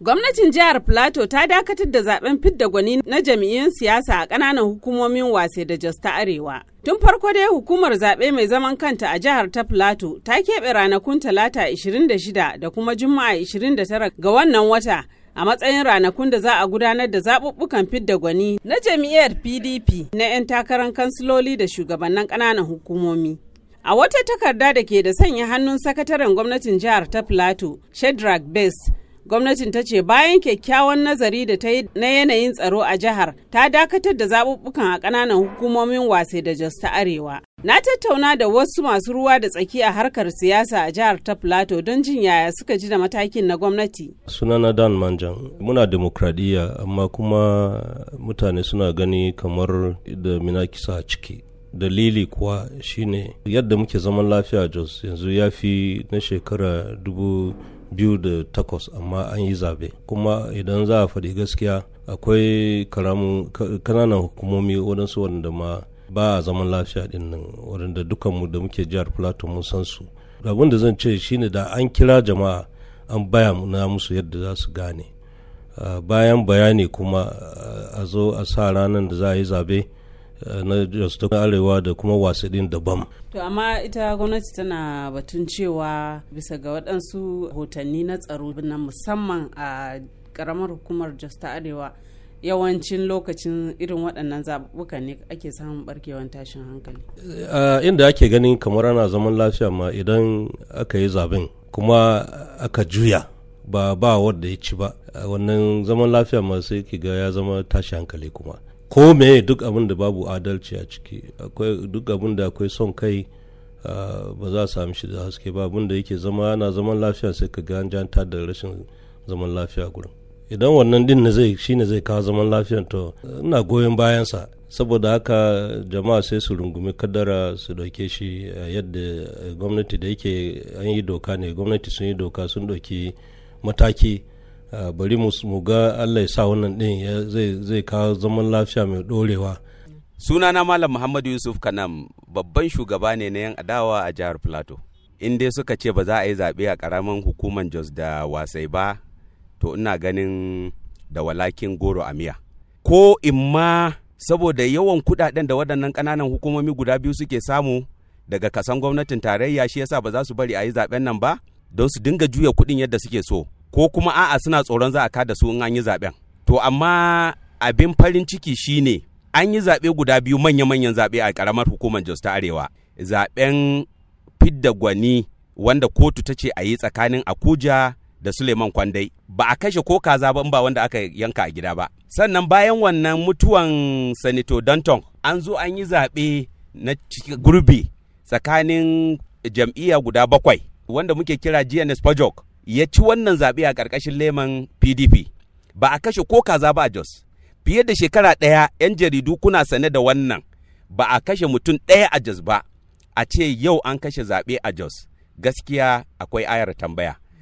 Gwamnatin jihar Plateau ta dakatar da zaben fidda gwani na jami'in siyasa a ƙananan hukumomin wase da Jos ta Arewa. Tun farko dai hukumar zaɓe mai zaman kanta a jihar ta Plateau ta keɓe ranakun Talata 26 da kuma Juma'a 29 ga wannan wata a matsayin ranakun da za a gudanar da zaɓuɓɓukan fidda gwani na jam'iyyar PDP na 'yan takarar kansiloli da shugabannin ƙananan hukumomi. A wata takarda da ke da sanya hannun sakataren gwamnatin jihar ta Plateau, Shedrack Best, gwamnatin ta ce bayan kyakkyawan nazari da ta yi na yanayin tsaro a jihar ta dakatar da zaɓuɓɓukan a ƙananan hukumomin wasai da jos ta arewa na tattauna da wasu masu ruwa da tsaki a harkar siyasa a jihar ta plato don jin yaya suka ji da matakin na gwamnati sunana dan manjan muna demokradiyya amma kuma mutane suna gani kamar da minakisa a ciki dalili kuwa shine yadda muke zaman lafiya jos yanzu ya fi na shekara dubu biyu da takwas amma an yi zabe kuma idan za a faɗi gaskiya akwai karamin kananan hukumomi waɗansu wanda ma ba a zaman lafiya ɗin nan waɗanda dukkanmu da muke jihar plato mun san su abin da zan ce shine da an kira jama'a an baya na musu yadda za su gane ah, bayan bayani kuma ah, a zo a sa ranar da za a yi zabe na jos arewa da kuma wasiɗin daban. To amma ita gwamnati tana batun cewa bisa ga waɗansu hotanni na tsaro na musamman a ƙaramar hukumar jos arewa yawancin lokacin irin waɗannan zaɓuɓɓuka ne ake samun barkewan tashin hankali. inda ake ganin kamar ana zaman lafiya ma idan aka yi zaben kuma aka juya ba ba wadda ya ci ba wannan zaman lafiya ma sai ki ga ya zama tashi hankali kuma ko meye duk abin da babu adalci a ciki akwai duk abin da akwai son kai ba za a sami shi da haske ba abin da yake zama na zaman lafiya sai ka jan ta da rashin zaman lafiya gurin idan wannan din ne zai shine zai kawo zaman lafiya to ina goyon bayansa saboda haka jama'a sai su rungumi kadara su dauke shi yadda gwamnati da yake an yi doka ne gwamnati sun yi doka sun dauki mataki Ah, bari mu ga allah ya sa wannan din zai kawo zaman lafiya mai dorewa sunana malam muhammadu yusuf kanam babban shugaba ne na yan adawa a jihar plateau in dai suka ce ba za a yi zaɓe a ƙaramin hukumar jos da wasai ba to ina ganin da walakin goro a miya ko ma saboda yawan kuɗaɗen da waɗannan ƙananan hukumomi guda biyu suke samu daga kasan gwamnatin tarayya shi yasa ba za su bari a yi zaɓen nan ba don su dinga juya kuɗin yadda suke so ko kuma a'a suna tsoron za a kada su in an yi zaɓen to amma abin farin ciki shine an yi zaɓe guda biyu manya-manyan zaɓe a ƙaramar hukumar jos ta arewa zaɓen fidda gwani wanda kotu ta ce a yi tsakanin akuja da suleiman kwandai ba a kashe ko kaza ba in ba wanda aka yanka a gida ba sannan bayan wannan mutuwan sanito danton an zo an yi zaɓe na gurbi tsakanin jam'iyya guda bakwai wanda muke kira gns pajok ya ci wannan zaɓe a ƙarƙashin leman pdp ba a kashe ko kaza ba a jos fiye da shekara ɗaya 'yan jaridu kuna sane da wannan ba a kashe mutum ɗaya a jos ba a ce yau an kashe zaɓe a jos gaskiya akwai ayar tambaya